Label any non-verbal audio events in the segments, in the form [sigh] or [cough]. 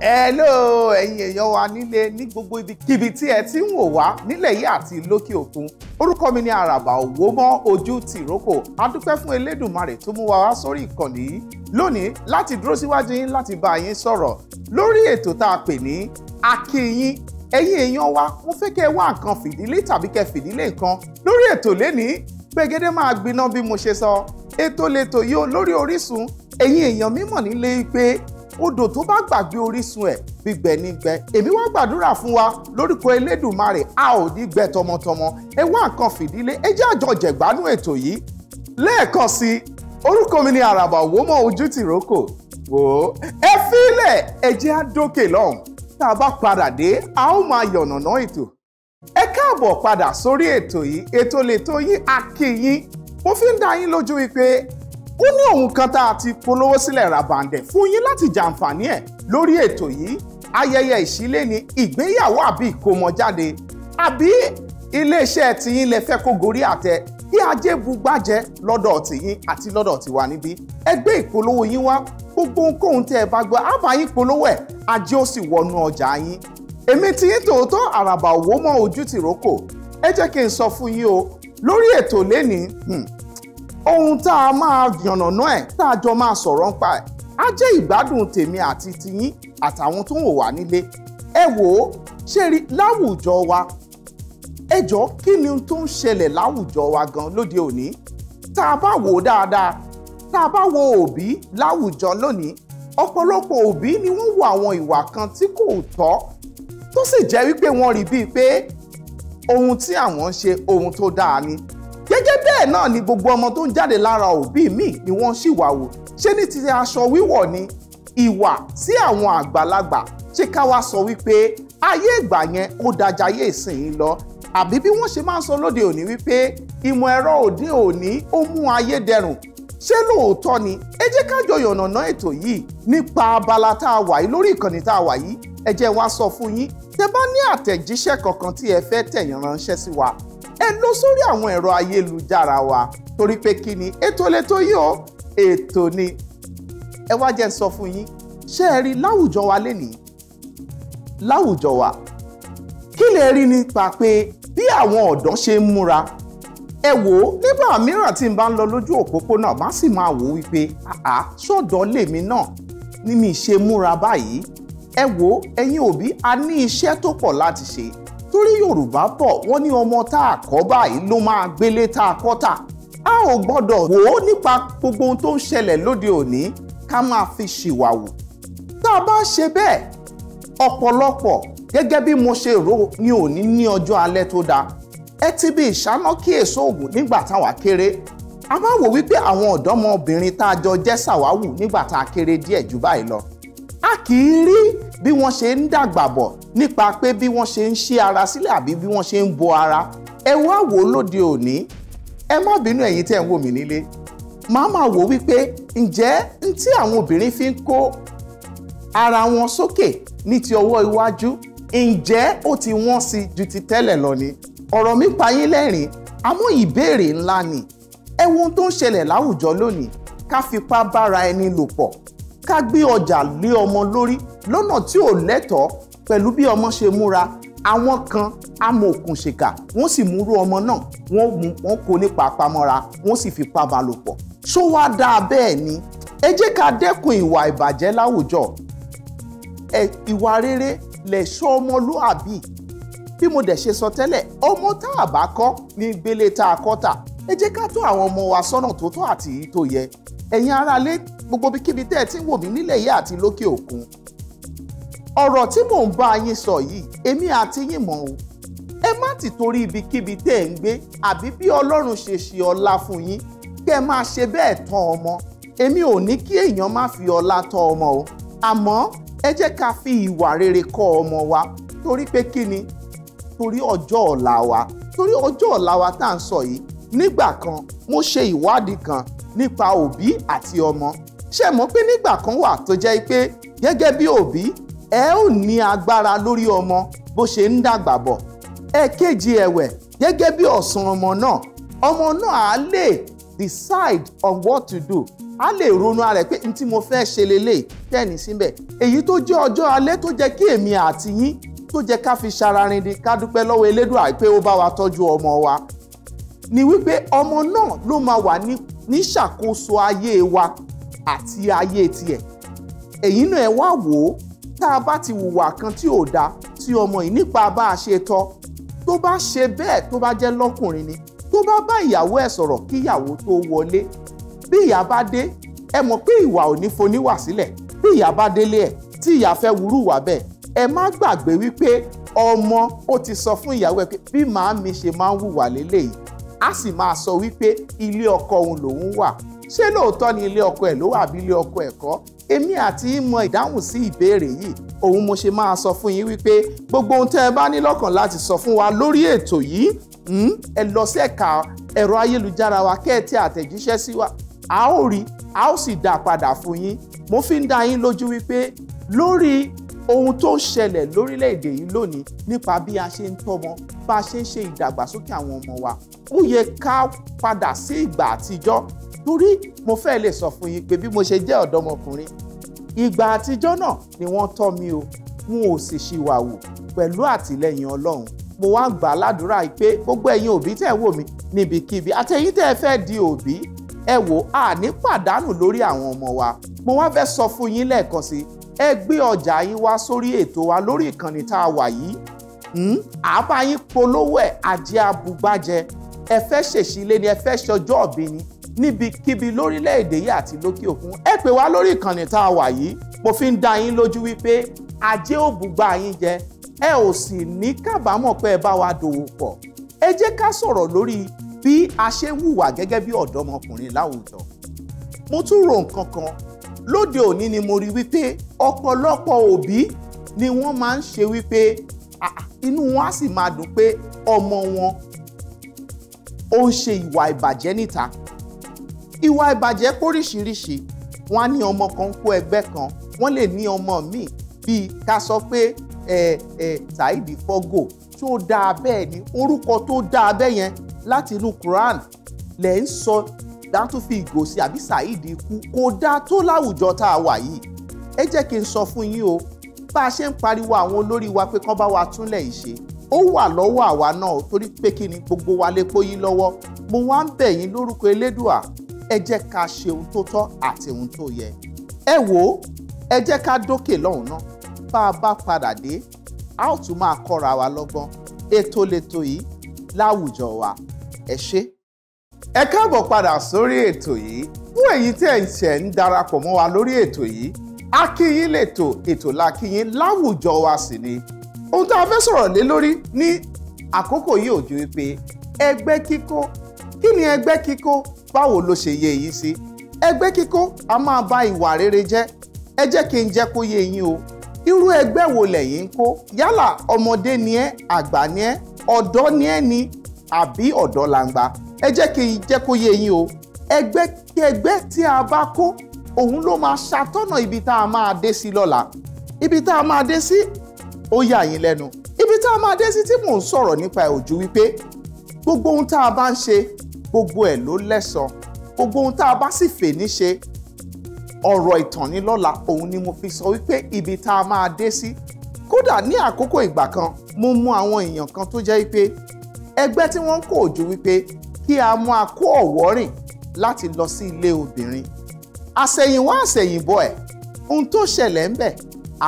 hello ẹ̀yin èèyàn wa nílé ní gbogbo ibikíbi tí ẹ ti ń wò wá nílẹ̀ yìí àti lókè òkun orúkọ mi ni àràbà òwò mọ́ ojú tìrókò a dúpẹ́ fún elédùnmarè tó mú wa wá sórí ìkànnì yìí lónìí láti dúró síwájú yín láti bá yín sọ̀rọ̀ lórí ètò tá a pè ní akínyín ẹ̀yin èèyàn wa mo fẹ́ kẹ́ wá nǹkan fìdílé tàbí kẹ́ fìdílé nǹkan lórí ètò lénìí gbẹ̀gẹ́dẹ́ máa gbiná bí mo ṣe sọ ètò lẹ́tò yìí lórí Orísun ẹ̀yin èèyàn mímọ̀ odò tó bá gbàgbé orísun ẹ̀ gbígbẹ nígbẹ èmi wá gbàdúrà fún wa lórúkọ elédùnmarè a ò ní gbẹ tọmọtọmọ ẹ wá nǹkan fìdílé ẹ jẹ́ àjọ jẹ̀gbánú ètò yìí lẹ́ẹ̀kan sí orúkọ mi ni àràbà wò mọ ojú tìrókò wò ó ẹ fílẹ̀ ẹ jẹ́ àdókè lọ́hùn tá a bá padà dé a ó máa yànnàná ètò ẹ káàbọ̀ padà sórí ètò yìí ètò lè tó yín akínyín mo fi ń dá yín lójú wípé ó ní ohun kan tá a ti polówó sílẹ̀ ràbàǹdẹ̀ fún yín láti jàǹfààní ẹ̀ lórí ètò yìí ayẹyẹ ìṣílé ni ìgbéyàwó àbí ìkómọjáde àbí iléeṣẹ́ tiyín lè fẹ́ kó gorí àtẹ kí ajé bugbájẹ lọ́dọ̀ tiyín àti lọ́dọ̀ tiwa níbí ẹgbẹ́ ìpolówó yín wá gbogbo ohunkóhun tẹ́ ẹ bá gbọ́ àbá yín polówó ẹ̀ ajé ó sì wọnú ọjà yín èmi tiyín tòótọ́ àràbà òwò mọ́ ojú tìrókò ẹ jẹ́ kí n sọ fún yín o lórí ètò lénìí hmm, ohun tá a máa yànnàná ẹ̀ tá a jọ máa sọ̀rọ̀ ń pa ẹ̀ a jẹ́ ìgbádùn tèmi àti tiyín àtàwọn tó ń wò wá nílé ẹ wò ó ṣe rí láwùjọ wa ẹ jọ kí ni tó ń ṣẹlẹ̀ láwùjọ wa gan lóde òní tá a bá wò ó dáadáa tá a bá wo òbí láwùjọ lónìí ọ̀pọ̀lọpọ̀ òbí ni wọ́n wo àwọn ìwà kan tí kò tọ́ tó sì jẹ́ wípé wọ́n rí bíi pé ohun tí àwọn ń ṣe ohun tó dáa ni gẹ́gẹ́ bẹ́ẹ̀ náà ni gbogbo ọmọ tó ń jáde lára òbí míì ni wọ́n ṣì wà wò ṣé ní ti aṣọ wíwọ̀ ni ìwà sí àwọn àgbàlagbà ṣé ká wá sọ wípé ayé ìgbà yẹn ó dájà ayé ìsìn lọ àbí bí wọ́n ṣe máa ń sọ lóde òní wípé ìmọ̀ ẹ̀rọ òde òní ó mú ayé dẹrùn ṣé lóòótọ́ ni ẹ jẹ́ ká jọ yànnàná ètò yìí nípa abala tá a wà yìí lórí ìkànnì tá a wà yìí ẹ jẹ́ wá sọ fún yín tẹ bá ní àtẹ̀jíṣẹ́ kankan tí ẹ fẹ́ tẹ̀yìn ránṣẹ́ sí wa ẹ lọ sórí àwọn ẹ̀rọ ayélujára wa torí pé kí ni ètò lẹ́tò yìí o ètò ni ẹ wá jẹ́ sọ fún yín ṣé ẹ rí láwùjọ wa lénìí láwùjọ wa kí lè rí nípa pé bí àwọn ọ̀dọ́ ṣe ń múra ẹ wò ó nígbà mìíràn tí n bá ń lọ lójú òpópónà má sì máa wò ó wípé àá ṣọ̀dọ̀ lèmi náà ni mi ṣe múra báyìí ẹ wò ó ẹ̀yin òbí a ní iṣẹ́ tó pọ̀ láti ṣe torí yorùbá bọ̀ wọ́n ní ọmọ tá a kọ́ báyìí ló máa gbélé tá a kọ́ tà a ò gbọ́dọ̀ wò ó nípa gbogbo ohun tó ń ṣẹlẹ̀ lóde òní ká máa fi ṣìwàwù tá a bá ṣe bẹ́ẹ̀ ọ̀pọ̀lọpọ̀ gẹ́gẹ́ bí mo ṣe rò ní òní ní ọjọ́ alẹ́ tó dáa ẹ ti bí ìṣáná kí èso ògùn nígbà táwa kéré a máa wò wípé àwọn ọ̀dọ́mọbìnrin tá a jọ jẹ́ sàwáwù nígbà tá a kéré díẹ̀ jù báyìí lọ a kì í rí bí wọ́n ṣe ń dàgbà bọ̀ nípa pé bí wọ́n ṣe ń ṣí ara sílẹ̀ àbí bí wọ́n ṣe ń bo ara ẹ wá wò lóde òní ẹ má bínú ẹ̀yin tẹ́ ń wò mí nílé màá máa wò wípé ǹjẹ́ n tí àwọn obìnrin fi ń kó ara wọn sókè ní ti ọwọ́ iwájú ǹjẹ́ ó ti wọ́n sí ju ti tẹ́lẹ̀ lọ ni ọ̀rọ̀ mi pa yín lẹ́rìn àmọ́ ìbéèrè ńlá ni ẹ wo ohun tó ń ṣẹlẹ̀ láwùjọ lónìí ká fipá bára ẹni lò pọ̀ ká gbé ọjà lé ọmọ lórí lọ́nà tí ò lẹ́tọ̀ọ́ pẹ̀lú bí ọmọ ṣe múra àwọn kan amòòkùnṣèkà wọ́n sì múrú ọmọ náà wọ́n kó nípa pamọ́ra wọ́n sì fi pa balòpọ̀ ṣó wá dáa bẹ́ẹ̀ ni ẹ jẹ́ ká dẹ́kun ìwà ìbàjẹ́ láwùjọ ẹ ìwà rere lẹ̀ṣọ́ ọmọlúàbí bí mo dẹ̀ ṣe sọ tẹ́lẹ̀ ọmọ tá a bá kọ́ ní gbélé tá a kọ́ tà ẹ jẹ́ ká tó àwọn ọmọ wa sọ́nà tó tọ́ àti èyí tó yẹ ẹ̀yin aráalé gbogbo ibikíbi tẹ́ ẹ ti ń wò mí nílẹ̀ yìí àti lókè òkun ọ̀rọ̀ tí mò ń bá yín sọ yìí èmi àti yín mọ̀ o ẹ má ti torí ibikíbi tẹ́ ẹ ń gbé àbí bí ọlọ́run ṣe ṣe ọlá fún yín kẹ́ ẹ máa ṣe bẹ́ẹ̀ tán ọmọ èmi ò ní kí èèyàn má fi ọlá tọ́ ọmọ o àmọ́ ẹ jẹ́ ká fi ìwà rere kọ́ ọmọ wa torí pé kí ni torí ọjọ́ ọ̀la wa torí ọjọ́ ọ̀la wa tá à ń sọ yìí nígbà kan mo ṣe ìwádìí kan nípa òbí àti ọmọ ṣé mọ̀ pé nígbà kan wà tó jẹ́ pé gẹ́gẹ́ bí òbí ẹ ò ní agbára lórí ọmọ bó ṣe ń dàgbà bọ̀ ẹ̀ẹ̀kejì ẹ̀wẹ̀ gẹ́gẹ́ bí ọ̀sán ọmọ náà ọmọ náà á lè decide on what to do a lè ronú ara ẹ pé n tí mo fẹ́ ṣe lélẹ̀ tẹ́ẹ̀nì síbẹ̀ èyí tó jẹ́ ọjọ́ alẹ́ tó jẹ́ kí èmi àti yín tó jẹ́ ká fi ṣararin di ká dúpẹ́ lọ́wọ́ Elédùà pé ó bá wa tọ́jú ọmọ wa ni wípé ọmọ náà ló máa wà ní ní ṣàkóso ayé wa àti ayé tiẹ̀ èyí náà ẹ wá wò ó tá a bá ti hùwà kan tí ò dáa tí ọmọ yìí nípa bá a ṣe tọ́ tó bá ṣe bẹ́ẹ̀ tó bá jẹ́ lọ́kùnrin ni tó bá bá ìyàwó ẹ̀ sọ̀rọ̀ kí ìyàwó tó wọlé bí ìyá bá dé ẹ mọ̀ pé ìwà ò ní foníwà sílẹ̀ bí ìyá bá délé ẹ̀ tí ìyá fẹ́ wúrú wà bẹ́ẹ̀ ẹ má gbàgbé wípé ọmọ ó ti sọ fún ìyàwó ẹ̀ pé bí màá mi ṣe máa ń hùwà lélẹ́yìí á sì máa sọ wípé ilé ọkọ òun lòun wà ṣé lóòótọ́ ni ilé ọkọ ẹ̀ ló wà bí ilé ọkọ ẹ̀ kọ́ èmi àti ìmọ̀ ìdáhùn sí ìbéèrè yìí òun mo ṣe máa sọ fún yín wípé gbogbo ohun tẹ́ ẹ bá ní lọ́kàn láti sọ fún wa lórí ètò yìí hmm, ẹ lọ sí ẹ̀ka ẹ̀rọ ayélujára wa kẹ́ àtẹ̀jíṣẹ́ sí wa a ó rí a ó sì dá padà fún yín mo fi ń dá yín lójú wípé lórí ohun tó ń ṣẹlẹ̀ lórílẹ̀‐èdè yìí lónìí nípa bí a ṣe ń tọ́mọ bá a ṣe ń ṣe ìdàgbàsókè àwọn ọmọ wa ó yẹ ká padà sí ìgbà àtijọ́ torí mo fẹ́ lè sọ fún yín pé bí mo ṣe jẹ́ ọ̀dọ́mọkùnrin ìgbà àtijọ́ náà ni wọ́n tọ́ mi o wọn ò sì ṣìwàwù pẹ̀lú àtìlẹ́yìn ọlọ́run mo wá ń gbà ládùúrà pé gbogbo ẹ̀yin òbí tẹ̀ wò mí níbikíbi àtẹ̀yìn tẹ̀ fẹ́ di òbí ẹ wò á ní pàdánù lórí àwọn ọmọ wa mo wá fẹ́ sọ fún yín lẹ́ẹ̀kan sí ẹ gbé ọjà yín wá sórí ètò wa lórí ìkànnì tá a wà yìí àbá hmm? polówó ẹ̀ àjẹ́ abúgbájẹ́ ẹ fẹ́ ṣèṣì ni ẹ fẹ́ ṣọjọ́ ọ̀bí ni níbikíbi lórílẹ̀‐èdè yìí àti lókè òkun ẹ pè wá lórí ìkànnì tá a wà yìí mo fi ń dá yín lójú wípé ajé ò bùgbà yín jẹ ẹ ò sì ní kábàámọ̀ pé ẹ bá wa dòwò pọ̀ ẹ jẹ́ ká sọ̀rọ̀ lórí bí a ṣe ń gẹ́gẹ́ bí ọ̀dọ́mọkùnrin láwùjọ mo tún rò nǹkan kan lóde òní ni mo rí wípé ọ̀pọ̀lọpọ̀ òbí ni wọ́n máa ń ṣe wípé inú wọn á sì máa dùn pé ọmọ wọn ó ń ṣe ìwà ìbàjẹ́ níta ìwà ìbàjẹ́ póríṣiríṣi wọ́n á ní ọmọ kan kó ẹgbẹ́ kan wọ́n lè ní ọmọ míì bíi ká sọ pé ẹ ẹ Saheed Fogo tó dáa bẹ́ẹ̀ ni orúkọ tó dáa bẹ́ẹ̀ yẹn láti inú Quran lẹ̀ ń sọ dátúfì ìgòsí àbí Saheed ikú kò dáa tó láwùjọ tá a wà yìí ẹ jẹ́ kí n sọ fún yín o bá a ṣe ń pariwo àwọn olórí wa pé kán bá wa túnlẹ̀ ìṣe ó wà lọ́wọ́ àwa náà torí pé kí ni gbogbo wa lè pọ́ yí lọ́wọ́ mo wá ń bẹ̀ yín lórúkọ elédùà ẹ jẹ́ ká ṣe ohun tó tọ́ àti ohun tó yẹ ẹ wò ó ẹ jẹ́ ká dókè lọ́hùn náà bá a bá padà dé a ó tún máa kọ́ra wa lọ́gbọ́n ètò lètò yìí láwùjọ wa ẹ ṣé. ẹ káàbọ̀ padà sórí ètò yìí fún èyí tí ẹ̀ ń ṣẹ̀ ń darapọ̀ mọ́ wa lórí ètò yìí akínyìn lètò ètò làkínyìn láwùjọ wa sì ni ohun tá a fẹ́ sọ̀rọ̀ lé lórí ní àkókò yìí ò ju wípé ẹgbẹ́ kíkó kí ni ẹgbẹ́ kíkó báwo ló ṣe yẹ èyí sí ẹgbẹ́ kíkó a máa ba ìwà rere jẹ́ ẹ jẹ́ kí n jẹ́ kó yé yín o irú ẹgbẹ́ wo ń kó yálà ọmọdé ni ẹ́ àgbà ni ẹ́ ni ẹ́ ni àbí ọ̀dọ́ làǹgbà ẹ jẹ́ o ẹgbẹ́ kí ẹgbẹ́ tí a bá kó òun ló máa ibi tá a máa dé sí ibi tá a máa dé ó yà yín lẹ́nu ibi tá a máa dé sí tí mò ń sọ̀rọ̀ nípa ẹ̀ ojú wípé gbogbo ohun tá a bá ń ṣe gbogbo ẹ̀ ló lẹ́san gbogbo ohun tá a bá sì fè ní ṣe ọ̀rọ̀ ìtànilọ́la òun ni mo fi sọ wípé ibi tá a máa dé sí kódà ní àkókò ìgbà kan mo mú àwọn èèyàn kan tó jẹ́ wípé ẹgbẹ́ tí wọ́n ń kó ojú wípé kí a máa kó ọ̀wọ́ rìn láti lọ sí ilé obìnrin àṣẹ̀yìnwá àṣẹ̀yìnbọ̀ ẹ̀ ohun tó ṣẹlẹ̀ ń bẹ̀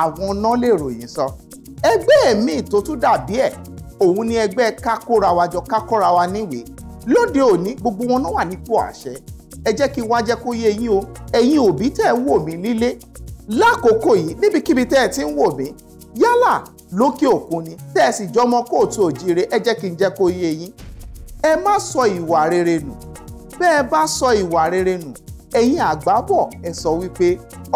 àwọn náà lè ròyìn sọ. So ẹgbẹ́ míì tó tún dàbí ẹ̀ òun ni ẹgbẹ́ kákóra wa jọ kákóra wa níwèé lóde òní gbogbo wọn náà wà nípò àṣẹ ẹ jẹ́ kí n wá jẹ́ kó yé yín o ẹ̀yin òbí tẹ́ ẹ ń wò mí nílé lákòókò yìí níbikíbi tẹ́ ẹ ti ń wò mí yálà lókè òkun ni tẹ́ ẹ sì jọmọ kóòtù òjire ẹ jẹ́ kí n jẹ́ kó yé yín ẹ má sọ ìwà rere nù bẹ́ ẹ bá sọ ìwà rere nù ẹ̀yin àgbà bọ̀ ẹ sọ wípé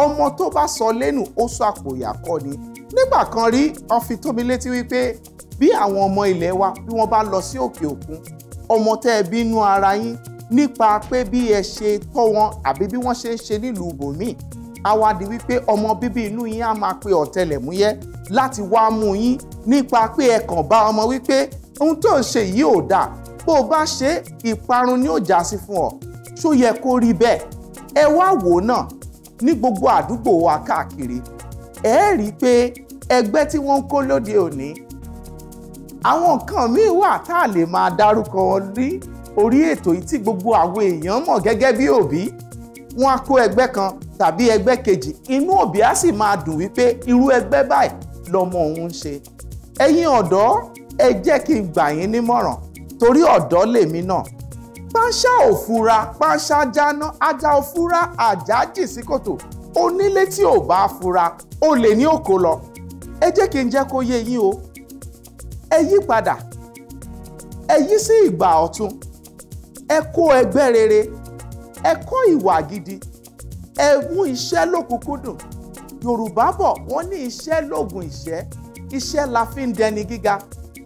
ọmọ tó bá sọ lẹ́nu ó sọ àpòyà kọ́ ni nígbà kan rí ó fi tó mi létí wípé bí àwọn ọmọ ilẹ̀ wa bí wọ́n bá lọ sí òkè òkun ọmọ tẹ́ ẹ bí nú ara yín nípa pé bí ẹ ṣe tọ́ wọn àbí bí wọ́n ṣe ń ṣe nílùú bòmíì á wá di wípé ọmọ bíbí inú yín á máa pe ọ̀tẹlẹ̀múyẹ́ láti wá mú yín nípa pé ẹ kàn bá ọmọ wípé ohun tó ń ṣe yìí ò dáa bó o bá ṣe ìparun ni ó sí fún ọ ṣó yẹ kó rí bẹ́ẹ̀ ẹ wá wò náà ní gbogbo àdúgbò wa káàkiri ẹ rí i pé ẹgbẹ́ tí wọ́n ń kó lóde òní àwọn nǹkan míì wà tá a lè máa dárúkọ wọn ní orí ètò yìí tí gbogbo àwọn èèyàn mọ̀ gẹ́gẹ́ bí òbí wọn á kó ẹgbẹ́ kan tàbí ẹgbẹ́ kejì inú òbí á sì máa dùn wípé irú ẹgbẹ́ báyìí lọmọ òun ń ṣe ẹ̀yin ọ̀dọ́ ẹ jẹ́ kí n gbà yín nímọ̀ràn torí ọ̀dọ́ lèmi náà pánṣá òfura pánṣá jáná ajá òfura àjá jì sí onílé tí ò bá fura olè ní òkò lọ ẹ jẹ́ kí n jẹ́ kó yé yín o ẹ yí padà ẹ yí sí ìgbà ọ̀tun ẹ kó ẹgbẹ́ rere ẹ kọ́ ìwà gidi ẹ mú iṣẹ́ lókùnkúndùn yorùbá bọ̀ wọ́n ní iṣẹ́ lóògùn ìṣẹ́ iṣẹ́ la fi ń dẹni gíga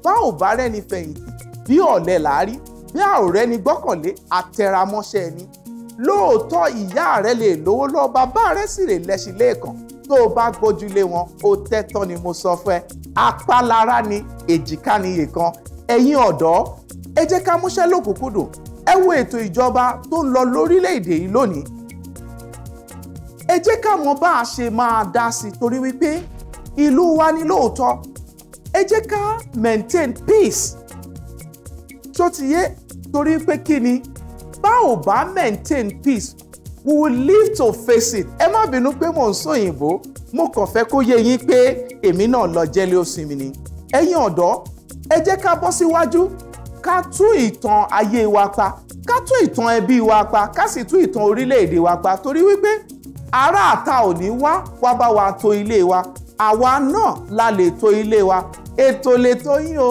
bá ò bá rẹ́ni fẹ̀yìntì bí ọ̀lẹ làá rí bí a ò rẹ́ni gbọ́kànlé àtẹramọ́ṣẹ́ ni lóòótọ́ ìyá rẹ lè lówó lọ bàbá rẹ sì lè lẹ́sìn lẹ́ẹ̀kan tó o bá gbójúlé wọn o tẹ́tọ́ ni mo sọ fẹ́ apálára ni èjìká ni iye kan ẹ̀yin ọ̀dọ́ ẹ jẹ́ ká múṣẹ́ lókùnkúndùn ẹ wo ètò ìjọba tó ń lọ lórílẹ̀‐èdè yìí lónìí ẹ jẹ́ ká mọ bá a ṣe máa dá sí torí wípé ìlú wa ni lóòótọ́ ẹ jẹ́ ká maintain peace tó ti yé torí pé kí ni bá ò bá maintain peace we will live to face it ẹ má bínú pé mò ń sọ òyìnbó mo kàn fẹ́ kó yé yín pé èmi náà lọ jẹ́lé òsinmi ni ẹ̀yin ọ̀dọ́ ẹ jẹ́ ká bọ́ síwájú ká tún ìtàn ayé wa pa ká tún ìtàn ẹbí wa pa ká sì tún ìtàn orílẹ̀-èdè wa pa torí wípé ará àta ò wá wá bá wa tò ilé wa àwa náà la lè tò ilé wa ètò lè tó yín o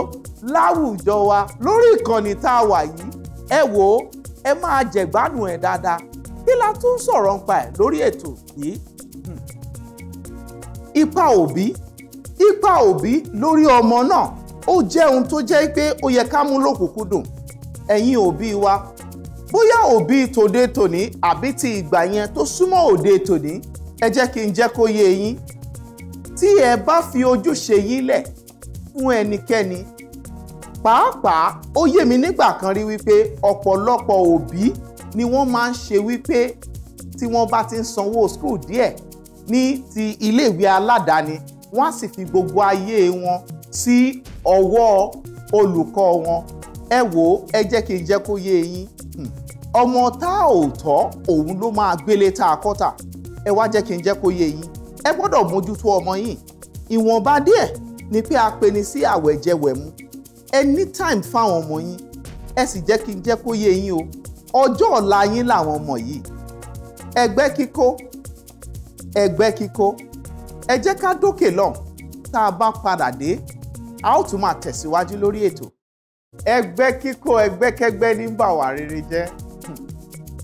láwùjọ wa lórí ìkànnì tá a wà yìí ẹ wò ó ẹ máa jẹ̀gbádùn ẹ̀ dáadáa kí la tún sọ̀rọ̀ ń pa ẹ̀ lórí ètò yìí ipa òbí ipa òbí lórí ọmọ náà ó jẹ́ ohun tó jẹ́ pé ó yẹ ká mú lòkùnkúndùn ẹ̀yin òbí wa bóyá òbí tòde tòní àbí ti ìgbà yẹn tó súnmọ́ òde tòní ẹ jẹ́ kí n jẹ́ kó yé yín tí ẹ bá fi ojúṣe yín lẹ̀ fún ẹnikẹ́ni pàápàá ó yé mi nígbà kan rí wípé ọ̀pọ̀lọpọ̀ òbí ni wọ́n máa ń ṣe wípé tí wọ́n bá ti ń sanwó school díẹ̀ ní ti iléèwé aládàáni wọ́n á sì fi gbogbo ayé wọn sí ọwọ́ olùkọ́ wọn ẹ wò ó ẹ jẹ́ kí n jẹ́ kó yé yín hmm. ọmọ tá ò tọ́ òun ló máa gbélé tá a kọ́ta ẹ wá jẹ́ kí n jẹ́ kó yé yín ẹ gbọ́dọ̀ mójútó ọmọ yìí ìwọ̀nba díẹ̀ ni pé a peni sí àwẹ̀jẹwẹ̀mu anytime fáwọn ọmọ yín ẹ sì jẹ́ kí n jẹ́ kó yé yín o ọjọ́ ọ̀la yín làwọn ọmọ yìí ẹgbẹ́ kíkó ẹgbẹ́ kíkó ẹ jẹ́ ká dókè lọ tá a bá padà dé a ó tún máa tẹ̀síwájú lórí ètò ẹgbẹ́ kíkó ẹgbẹ́kẹ́gbẹ́ ní bà wá rere jẹ́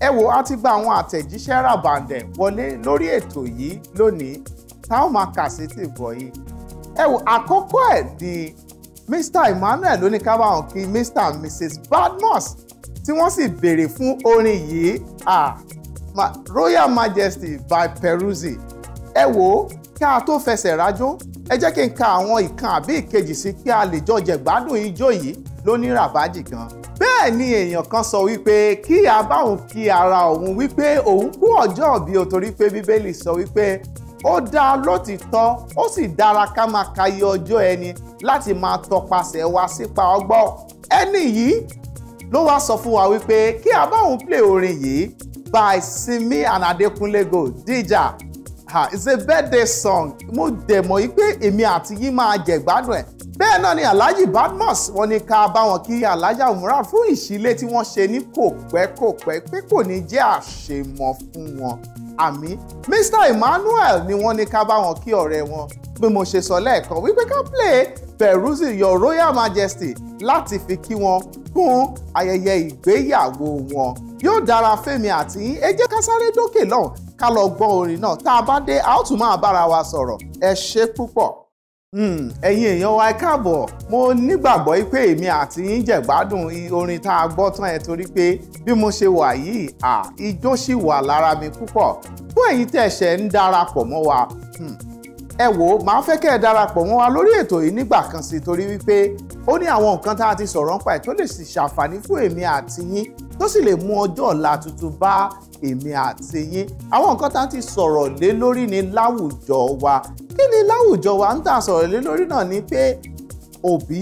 ẹ wo a ti gba àwọn àtẹ̀jíṣẹ́ ràbàǹdẹ̀ wọlé lórí ètò yìí lónìí tá ó máa kà sí tìbọ̀ yìí ẹ wo àkọ́kọ́ ẹ̀ ni Mr Emmanuel ló ní ká kí Mr and Mrs Badmus tí wọ́n sì béèrè fún orin yìí Royal Majesty by Peruzzi ẹ wò ó ká a tó fẹsẹ̀ rájó ẹ jẹ́ kí n ka àwọn ìkan àbí ìkejì sí kí a lè jọ jẹ̀gbádùn ijó yìí lóní ràbájì gan bẹ́ẹ̀ ni èèyàn kan sọ wípé kí a bá òun kí ara òun wípé òun kú ọjọ́ òbí o torí pé bíbélì sọ wípé ó dá lótìtọ́ ó sì dára ká máa kayé ọjọ́ ẹni láti máa tọpasẹ̀ wá sípa ọgbọ́n ẹni yìí ló wá sọ fún wa wípé kí a bá òun play orin yìí by Simi and Adekunle Gold Dija ha it's a birthday song mo dẹ̀ mọ̀ yí pé èmi àti yín máa jẹ̀gbádùn ẹ̀ bẹ́ẹ̀ náà ni Alhaji Badmus wọn ni ká bá wọn kí Alhaja Umura fún ìṣílé tí wọ́n ṣe ní kò pẹ́ kò pẹ́ pé kò ní jẹ́ àṣemọ̀ fún wọn àmì Mr Emmanuel ni wọ́n ní ká bá wọn kí ọ̀rẹ́ wọn bí mo ṣe sọ lẹ́ẹ̀kan wípé ká play Peruzzi your royal majesty láti fi kí wọn kún ayẹyẹ ìgbéyàwó wọn yóò dára fẹ́mi àti ẹ jẹ́ ká sáré dókè lọ́hùn ká lọ gbọ́ orin náà tá a bá dé a ó tún máa bára wa sọ̀rọ̀ ẹ ṣé púpọ̀. Hmm, ẹ̀yin èèyàn wa ẹ káàbọ̀ mo nígbàgbọ́ pé èmi àti yín jẹ̀gbádùn orin tá a gbọ́ tán ẹ torí pé bí mo ṣe wà yìí à ijó sì wà lára mi púpọ̀ fún èyí tẹ̀ ṣẹ̀ ń darapọ̀ mọ́ wa hmm, ẹ wò ó máa fẹ́ kẹ́ ẹ darapọ̀ mọ́ wa lórí ètò yìí nígbà kan sí torí wípé ó ní àwọn nǹkan tá a ti sọ̀rọ̀ nípa ẹ̀ tó lè sì ṣàǹfààní fún èmi àti yín tó sì lè mú ọjọ́ ọ̀la tuntun bá èmi àti yín àwọn nǹkan tá a ti sọ̀rọ̀ lé lórí ni láwùjọ wa kí ni láwùjọ wa ń tà sọ̀rọ̀ lé lórí náà ni pé òbí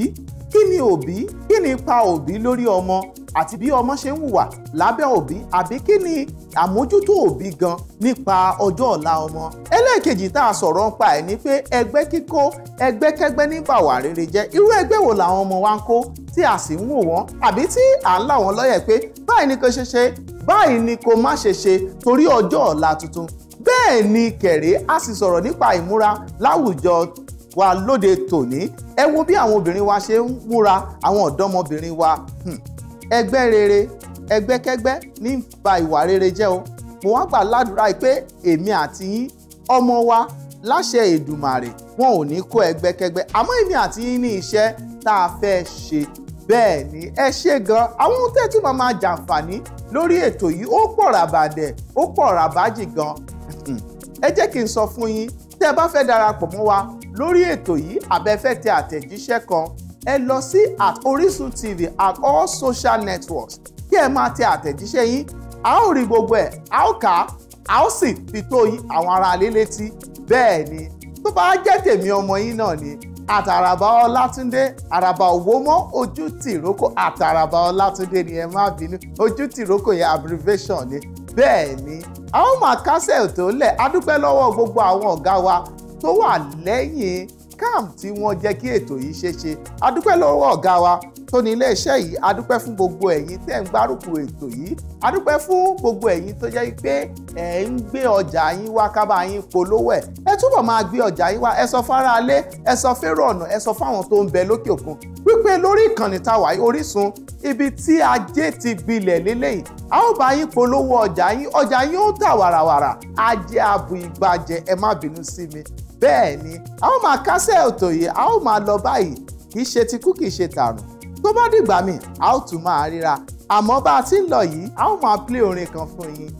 kí ni òbí kí ni ipa òbí lórí ọmọ àti bí ọmọ ṣe ń hùwà lábẹ́ òbí àbí kí ni àmójútó òbí gan nípa ọjọ́ ọ̀la ọmọ. ẹlẹ́ẹ̀kejì tá a sọ̀rọ̀ pa ẹ̀ ni pé ẹgbẹ́ kíkó ẹgbẹ́kẹ́gbẹ́ ní bàwà rere jẹ́ irú ẹgbẹ́ wo làwọn ọmọ wa ń kó tí a sì ń wò wọ́n àbí tí à ń là wọ́n lọ́yẹ̀ pé báyìí ni kò ṣe báyìí ni kò má ṣe ṣe torí ọjọ́ ọ̀la tuntun bẹ́ẹ̀ ni kẹ̀rẹ́ a sì sọ̀rọ̀ nípa ìmúra láwùjọ wa lóde tòní ẹ wo bí àwọn obìnrin wa ṣe ń múra àwọn ọ̀dọ́mọbìnrin wa hmm. ẹgbẹ́ rere ẹgbẹ́kẹ́gbẹ́ ní ba ìwà rere jẹ́ o mo wá gbà ládùúrà pé èmi àti yín ọmọ wa láṣẹ Èdùmàrè wọn ò ní kó ẹgbẹ́kẹ́gbẹ́ àmọ́ èmi àti yín ní iṣẹ́ tá a fẹ́ ṣe bẹ́ẹ̀ ni ẹ ṣe gan àwọn ohun tẹ́tù máa máa jàǹfààní lórí ètò yìí ó pọ̀ ràbàdẹ̀ ó pọ̀ ràbàjì gan ẹ jẹ́ kí n sọ fún yín tẹ́ ẹ bá fẹ́ darapọ̀ mọ́ wa lórí ètò yìí àbẹ́fẹ́ tẹ àtẹ̀jíṣẹ́ kan ẹ lọ sí at Orisun TV at all social networks kí ẹ máa tẹ àtẹ̀jíṣẹ́ yín a ó rí gbogbo ẹ̀ a ó kà á a ó sì fi tó àwọn ará ilé létí bẹ́ẹ̀ ni tó bá jẹ́ tèmi ọmọ yín náà ni àtàràbà ọlátúndé àràbà òwòmọ ojú tìrókò àtàràbà ọlátúndé ni ẹ má bínú ojú tìrókò yẹn abbreviation ni bẹ́ẹ̀ ni àwọn máa kásẹ̀ tó lẹ̀ adúpẹ́ lọ́wọ́ gbogbo àwọn ọ̀gá wa tó wà lẹ́yìn camp tí wọ́n jẹ́ kí ètò yìí ṣeé ṣe adúpẹ́ lọ́wọ́ ọ̀gá wa tó ní iléeṣẹ́ yìí adúpẹ́ fún gbogbo ẹ̀yin tẹ́ ń gbárùkù ètò yìí adúpẹ́ fún gbogbo ẹ̀yin tó jẹ́ pé ẹ̀ ń gbé ọjà yín wá kábà yín polówó ẹ̀ ẹ túbọ̀ máa gbé ọjà yín wá ẹ sọ fara alé ẹ sọ fẹ́rọ̀ ọ̀nà ẹ sọ fáwọn tó ń bẹ lókè òkun wípé lórí ìkànnì tàwa Orísun ibi tí ajé ti gbilẹ̀ lélẹ́yìí a ó bá yín polówó ọjà yín ọjà yín ó tà wàràwàrà ajé abu ìgbàjẹ ẹ má bínú sí mi bẹ́ẹ̀ ni a ó máa kásẹ̀ òtò yìí a ó máa lọ báyìí kì í ṣe tikú kì í ṣe tààrùn tó bá dìgbà míì a ó tún máa ríra àmọ́ bá a ti ń lọ yìí a ó máa plé orin kan fún yín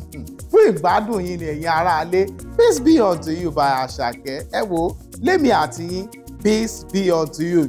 [laughs] fún ìgbádùn yín ni ẹ̀yin aráalé peace be unto you by Àṣàkẹ́ ẹ wo lémi àti yín peace be unto you.